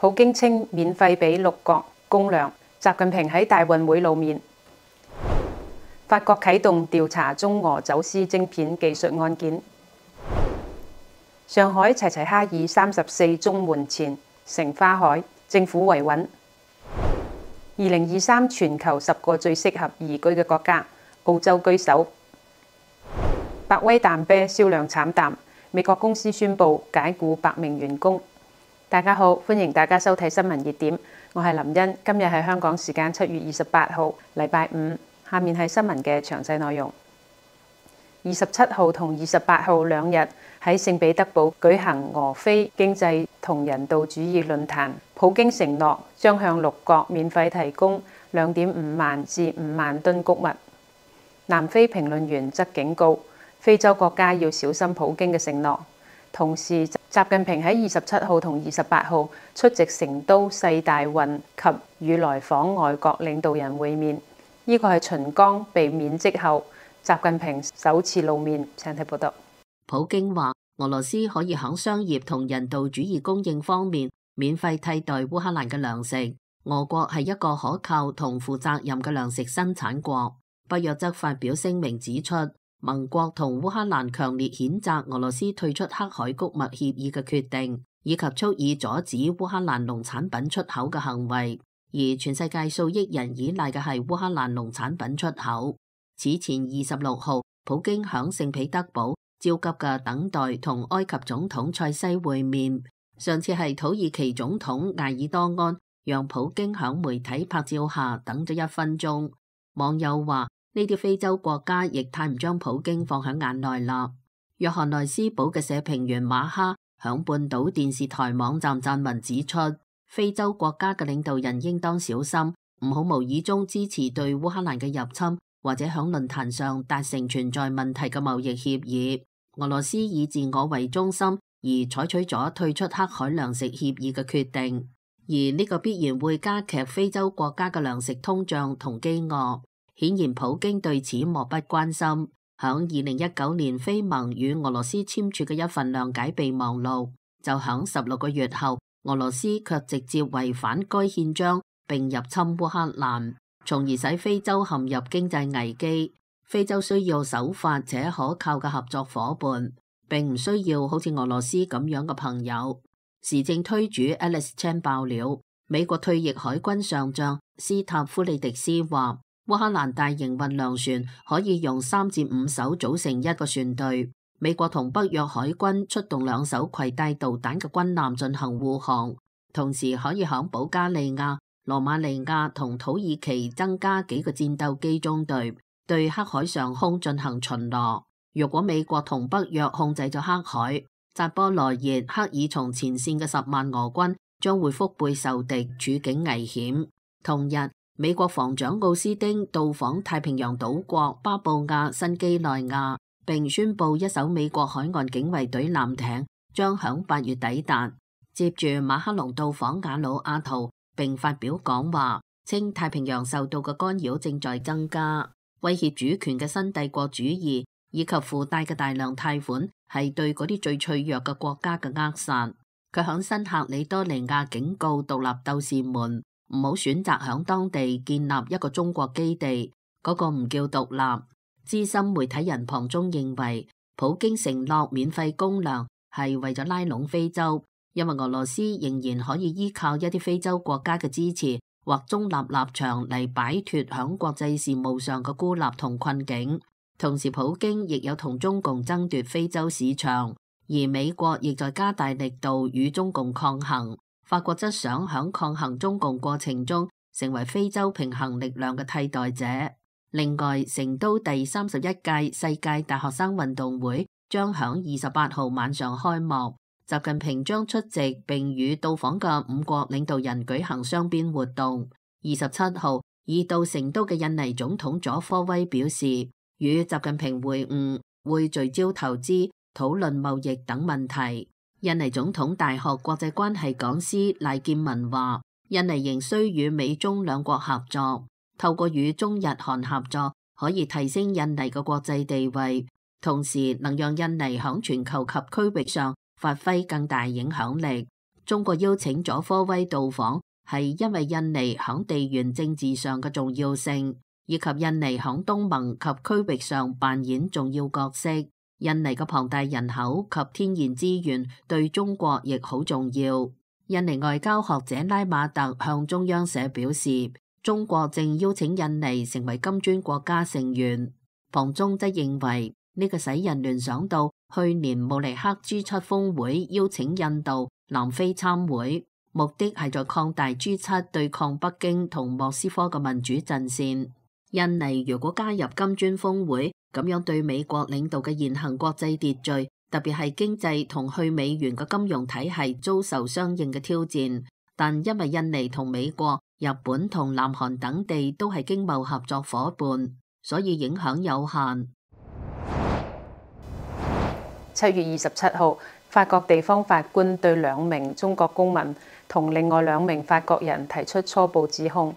普京稱免費俾六國供糧。習近平喺大運會露面。法國啟動調查中俄走私晶片技術案件。上海齊齊哈爾三十四中門前成花海，政府維穩。二零二三全球十個最適合移居嘅國家，澳洲居首。百威淡啤銷量慘淡，美國公司宣布解僱百名員工。大家好，歡迎大家收睇新聞熱點，我係林茵，今日係香港時間七月二十八號，禮拜五。下面係新聞嘅詳細內容。二十七號同二十八號兩日喺聖彼得堡舉行俄非經濟同人道主義論壇，普京承諾將向六國免費提供兩點五萬至五萬噸穀物。南非評論員則警告非洲國家要小心普京嘅承諾。同時，習近平喺二十七號同二十八號出席成都世大運及與來訪外國領導人會面。呢個係秦剛被免職後，習近平首次露面。請睇報道。普京話：俄羅斯可以喺商業同人道主義供應方面免費替代烏克蘭嘅糧食。俄國係一個可靠同負責任嘅糧食生產國。北約則發表聲明指出，盟國同烏克蘭強烈譴責俄羅斯退出黑海谷物協議嘅決定，以及蓄意阻止烏克蘭農產品出口嘅行為，而全世界數億人依賴嘅係烏克蘭農產品出口。此前二十六號，普京響聖彼得堡焦急嘅等待同埃及總統塞西會面，上次係土耳其總統埃爾多安讓普京響媒體拍照下等咗一分鐘，網友話：呢啲非洲國家亦太唔將普京放喺眼內啦。約翰內斯堡嘅社評員馬哈響半島電視台網站撰文指出，非洲國家嘅領導人應當小心，唔好無意中支持對烏克蘭嘅入侵，或者響論壇上達成存在問題嘅貿易協議。俄羅斯以自我為中心而採取咗退出黑海糧食協議嘅決定，而呢個必然會加劇非洲國家嘅糧食通脹同饑餓。顯然普京對此漠不關心。響二零一九年，非盟與俄羅斯簽署嘅一份諒解備忘錄，就響十六個月後，俄羅斯卻直接違反該憲章並入侵烏克蘭，從而使非洲陷入經濟危機。非洲需要守法且可靠嘅合作夥伴，並唔需要好似俄羅斯咁樣嘅朋友。時政推主 Alice Chen 爆料，美國退役海軍上將斯塔夫利迪斯話。烏克蘭大型運糧船可以用三至五艘組成一個船隊。美國同北約海軍出動兩艘携帶導彈嘅軍艦進行護航，同時可以響保加利亞、羅馬尼亞同土耳其增加幾個戰鬥機中隊，對黑海上空進行巡邏。如果美國同北約控制咗黑海，扎波羅熱、赫爾松前線嘅十萬俄軍將會腹背受敵，處境危險。同日。美國防長奧斯汀到訪太平洋島國巴布亞新畿內亞，並宣布一艘美國海岸警衛隊艦艇將響八月抵達。接住馬克龍到訪瓦努阿圖，並發表講話，稱太平洋受到嘅干擾正在增加，威脅主權嘅新帝國主義以及附帶嘅大量貸款係對嗰啲最脆弱嘅國家嘅扼殺。佢響新喀里多尼亞警告獨立鬥士們。唔好選擇響當地建立一個中國基地，嗰個唔叫獨立。資深媒體人龐中認為，普京承諾免費供糧係為咗拉攏非洲，因為俄羅斯仍然可以依靠一啲非洲國家嘅支持或中立立場嚟擺脫響國際事務上嘅孤立同困境。同時，普京亦有同中共爭奪非洲市場，而美國亦在加大力度與中共抗衡。法國則想喺抗衡中共過程中，成為非洲平衡力量嘅替代者。另外，成都第三十一屆世界大學生運動會將喺二十八號晚上開幕，習近平將出席，並與到訪嘅五國領導人舉行雙邊活動。二十七號，已到成都嘅印尼總統佐科威表示，與習近平會晤會聚焦投資、討論貿易等問題。印尼總統大學國際關係講師賴建文話：印尼仍需與美中兩國合作，透過與中日韓合作，可以提升印尼嘅國際地位，同時能讓印尼響全球及區域上發揮更大影響力。中國邀請佐科威到訪，係因為印尼響地緣政治上嘅重要性，以及印尼響東盟及區域上扮演重要角色。印尼嘅龐大人口及天然資源對中國亦好重要。印尼外交學者拉馬特向中央社表示，中國正邀請印尼成為金磚國家成員。房中則認為呢個使人聯想到去年慕尼黑 G 七峰會邀請印度、南非參會，目的係在擴大 G 七對抗北京同莫斯科嘅民主陣線。印尼如果加入金磚峰會，咁樣對美國領導嘅現行國際秩序，特別係經濟同去美元嘅金融體系，遭受相應嘅挑戰。但因為印尼同美國、日本同南韓等地都係經貿合作伙伴，所以影響有限。七月二十七號，法國地方法官對兩名中國公民同另外兩名法國人提出初步指控。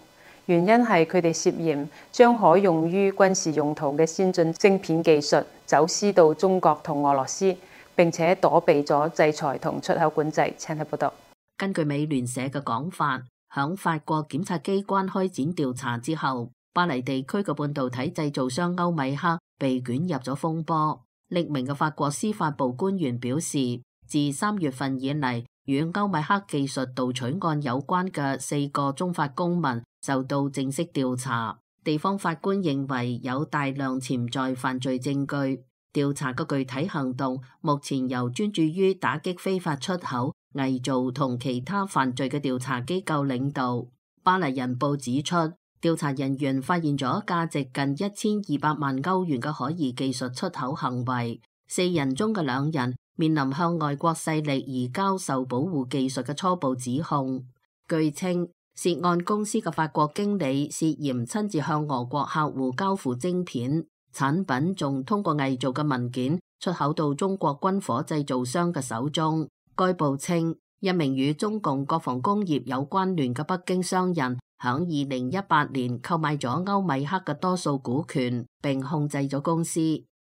原因係佢哋涉嫌將可用於軍事用途嘅先進晶片技術走私到中國同俄羅斯，並且躲避咗制裁同出口管制。請睇報道。根據美聯社嘅講法，響法國檢察機關開展調查之後，巴黎地區嘅半導體製造商歐米克被捲入咗風波。匿名嘅法國司法部官員表示，自三月份以嚟，與歐米克技術盜取案有關嘅四個中法公民受到正式調查。地方法官認為有大量潛在犯罪證據。調查嘅具體行動目前由專注於打擊非法出口、偽造同其他犯罪嘅調查機構領導。巴黎人報指出，調查人員發現咗價值近一千二百萬歐元嘅可疑技術出口行為。四人中嘅兩人，面臨向外國勢力移交受保護技術嘅初步指控，據稱涉案公司嘅法國經理涉嫌親自向俄國客戶交付晶片產品，仲通過偽造嘅文件出口到中國軍火製造商嘅手中。該報稱，一名與中共國防工業有關聯嘅北京商人，響二零一八年購買咗歐米克嘅多數股權，並控制咗公司。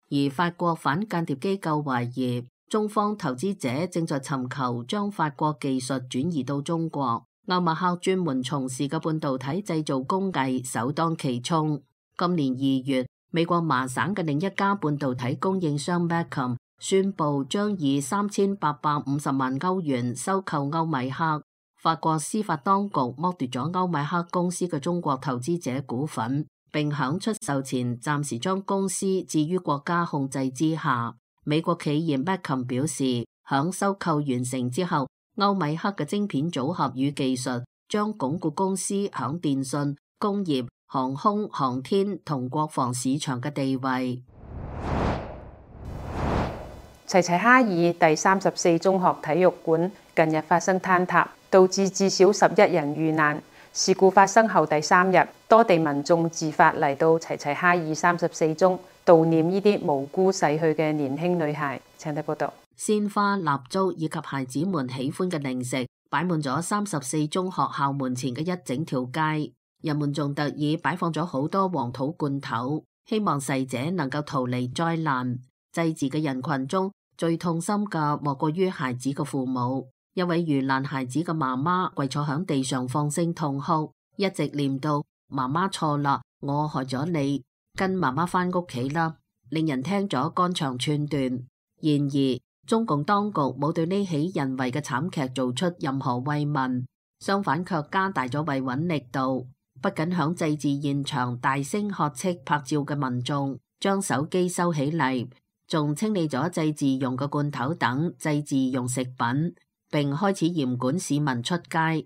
而法國反間諜機構懷疑。中方投資者正在尋求將法國技術轉移到中國。歐米克專門從事嘅半導體製造工藝首當其衝。今年二月，美國麻省嘅另一家半導體供應商 Macom 宣佈將以三千八百五十萬歐元收購歐米克。法國司法當局剝奪咗歐米克公司嘅中國投資者股份，並響出售前暫時將公司置於國家控制之下。美國企業 Macron 表示，響收購完成之後，歐米克嘅晶片組合與技術將鞏固公司響電信、工業、航空、航天同國防市場嘅地位。齊齊哈爾第三十四中學體育館近日發生坍塌，導致至少十一人遇難。事故發生後第三日，多地民眾自發嚟到齊齊哈爾三十四中悼念呢啲無辜逝去嘅年輕女孩。請睇報道，鮮花、蠟燭以及孩子們喜歡嘅零食擺滿咗三十四中學校門前嘅一整條街。人們仲特意擺放咗好多黃桃罐頭，希望逝者能夠逃離災難。祭祀嘅人群中，最痛心嘅莫過於孩子嘅父母。一位遇難孩子嘅媽媽跪坐響地上放聲痛哭，一直念到媽媽錯啦，我害咗你，跟媽媽翻屋企啦，令人聽咗肝腸寸斷。然而，中共當局冇對呢起人為嘅慘劇做出任何慰問，相反卻加大咗維穩力度，不僅響祭祀現場大聲喝斥拍照嘅民眾，將手機收起嚟，仲清理咗祭祀用嘅罐頭等祭祀用食品。並開始嚴管市民出街。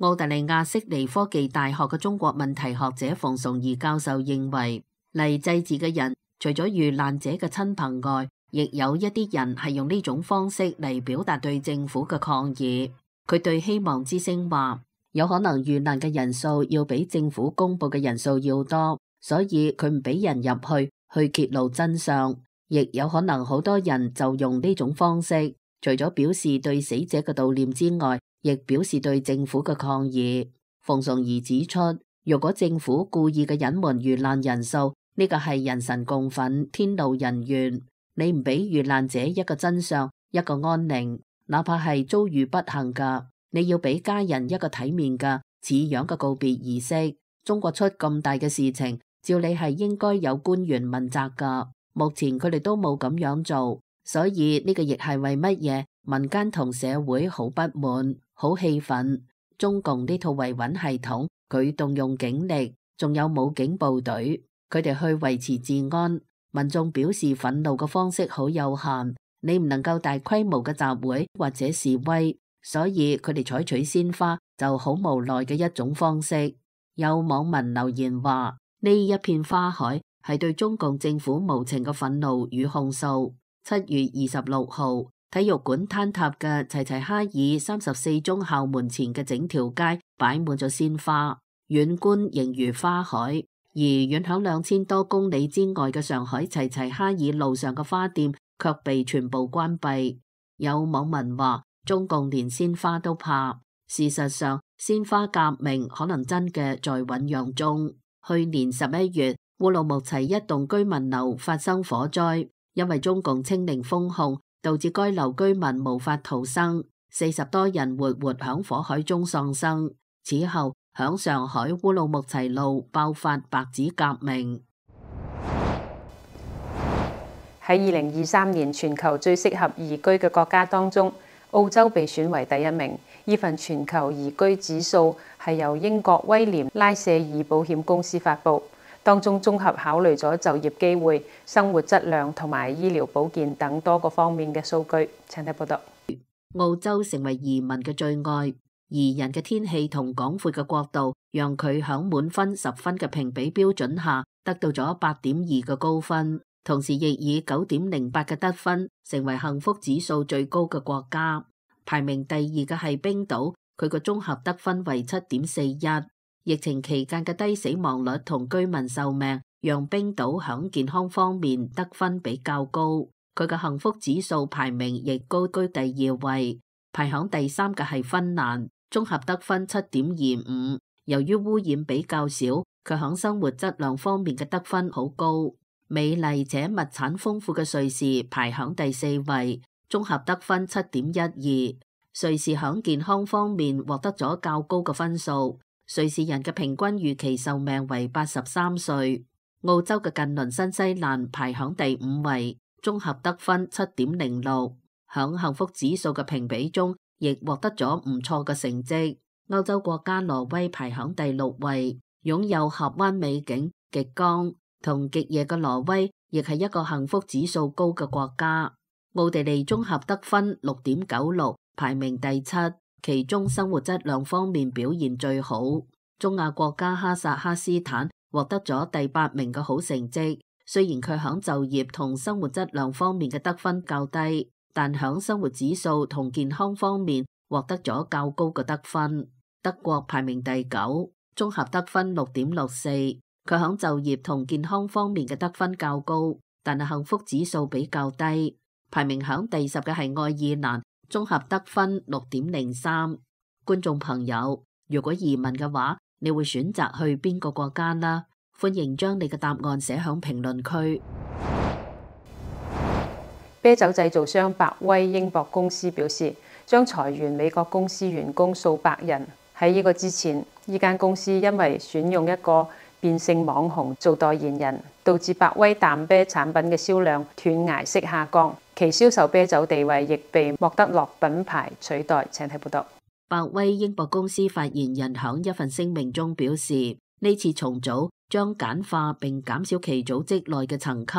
澳大利亞悉尼科技大學嘅中國問題學者馮崇義教授認為，嚟祭祀嘅人除咗遇難者嘅親朋外，亦有一啲人係用呢種方式嚟表達對政府嘅抗議。佢對希望之聲話，有可能遇難嘅人數要比政府公佈嘅人數要多，所以佢唔俾人入去去揭露真相，亦有可能好多人就用呢種方式。除咗表示對死者嘅悼念之外，亦表示對政府嘅抗議。馮崇義指出，如果政府故意嘅隱瞞遇難人數，呢個係人神共憤、天怒人怨。你唔俾遇難者一個真相、一個安寧，哪怕係遭遇不幸噶，你要俾家人一個體面嘅、似樣嘅告別儀式。中國出咁大嘅事情，照理係應該有官員問責噶。目前佢哋都冇咁樣做。所以呢個亦係為乜嘢？民間同社會好不滿、好氣憤，中共呢套維穩系統，佢動用警力，仲有武警部隊，佢哋去維持治安。民眾表示憤怒嘅方式好有限，你唔能夠大規模嘅集會或者示威，所以佢哋採取鮮花就好無奈嘅一種方式。有網民留言話：呢一片花海係對中共政府無情嘅憤怒與控訴。七月二十六號，體育館坍塌嘅齊齊哈爾三十四中校門前嘅整條街擺滿咗鮮花，遠觀仍如花海。而遠響兩千多公里之外嘅上海齊齊哈爾路上嘅花店卻被全部關閉。有網民話：中共連鮮花都怕。事實上，鮮花革命可能真嘅在醞釀中。去年十一月，烏魯木齊一棟居民樓發生火災。因為中共清零封控，導致該樓居民無法逃生，四十多人活活響火海中喪生。此後，響上海烏魯木齊路爆發白紙革命。喺二零二三年，全球最適合移居嘅國家當中，澳洲被選為第一名。呢份全球移居指數係由英國威廉拉舍爾保險公司發布。當中綜合考慮咗就業機會、生活質量同埋醫療保健等多個方面嘅數據。請睇報道。澳洲成為移民嘅最愛，宜人嘅天氣同廣闊嘅國度，讓佢喺滿分十分嘅評比標準下得到咗八點二嘅高分，同時亦以九點零八嘅得分成為幸福指數最高嘅國家。排名第二嘅係冰島，佢嘅綜合得分為七點四一。疫情期間嘅低死亡率同居民壽命，讓冰島響健康方面得分比較高。佢嘅幸福指數排名亦高居第二位。排響第三嘅係芬蘭，綜合得分七點二五。由於污染比較少，佢響生活質量方面嘅得分好高。美麗且物產豐富嘅瑞士排響第四位，綜合得分七點一二。瑞士響健康方面獲得咗較高嘅分數。瑞士人嘅平均預期壽命為八十三歲，澳洲嘅近鄰新西蘭排響第五位，綜合得分七點零六，響幸福指數嘅評比中亦獲得咗唔錯嘅成績。歐洲國家挪威排響第六位，擁有峽灣美景、極光同極夜嘅挪威亦係一個幸福指數高嘅國家。奧地利綜合得分六點九六，排名第七。其中生活質量方面表現最好，中亞國家哈薩克斯坦獲得咗第八名嘅好成績。雖然佢響就業同生活質量方面嘅得分較低，但響生活指數同健康方面獲得咗較高嘅得分。德國排名第九，綜合得分六點六四。佢響就業同健康方面嘅得分較高，但係幸福指數比較低。排名響第十嘅係愛爾蘭。綜合得分六點零三。觀眾朋友，如果移民嘅話，你會選擇去邊個國家呢？歡迎將你嘅答案寫響評論區。啤酒製造商百威英博公司表示，將裁員美國公司員工數百人。喺呢個之前，呢間公司因為選用一個。變性網紅做代言人，導致百威淡啤產品嘅銷量斷崖式下降，其銷售啤酒地位亦被莫德洛品牌取代。請睇報道。百威英博公司發言人響一份聲明中表示，呢次重組將簡化並減少其組織內嘅層級，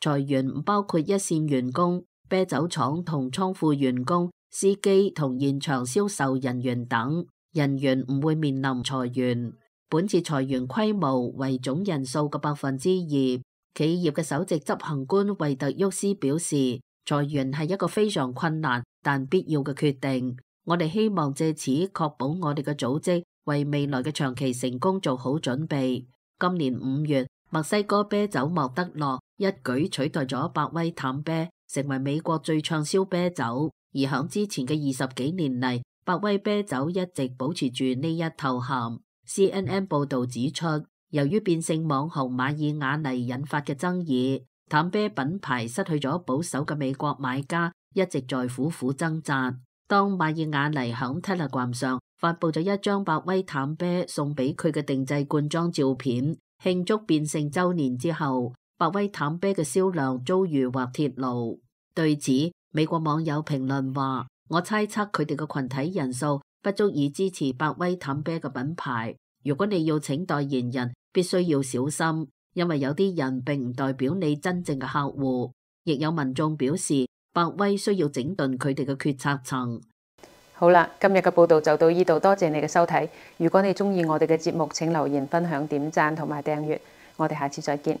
裁員唔包括一線員工、啤酒廠同倉庫員工、司機同現場銷售人員等，人員唔會面臨裁員。本次裁員規模為總人數嘅百分之二。企業嘅首席執行官惠特沃斯表示，裁員係一個非常困難但必要嘅決定。我哋希望借此確保我哋嘅組織為未來嘅長期成功做好準備。今年五月，墨西哥啤酒莫德洛一舉取代咗百威淡啤，成為美國最暢銷啤酒。而響之前嘅二十幾年嚟，百威啤酒一直保持住呢一頭銜。CNN 報道指出，由於變性網紅瑪爾雅尼引發嘅爭議，淡啤品牌失去咗保守嘅美國買家，一直在苦苦掙扎。當瑪爾雅尼喺 Telegram 上發佈咗一張百威淡啤送俾佢嘅定製罐裝照片，慶祝變性周年之後，百威淡啤嘅銷量遭遇滑鐵盧。對此，美國網友評論話：我猜測佢哋嘅群體人數。不足以支持百威淡啤嘅品牌。如果你要請代言人，必須要小心，因為有啲人並唔代表你真正嘅客戶。亦有民眾表示，百威需要整頓佢哋嘅決策層。好啦，今日嘅報道就到呢度，多謝你嘅收睇。如果你中意我哋嘅節目，請留言分享、點讚同埋訂閱。我哋下次再見。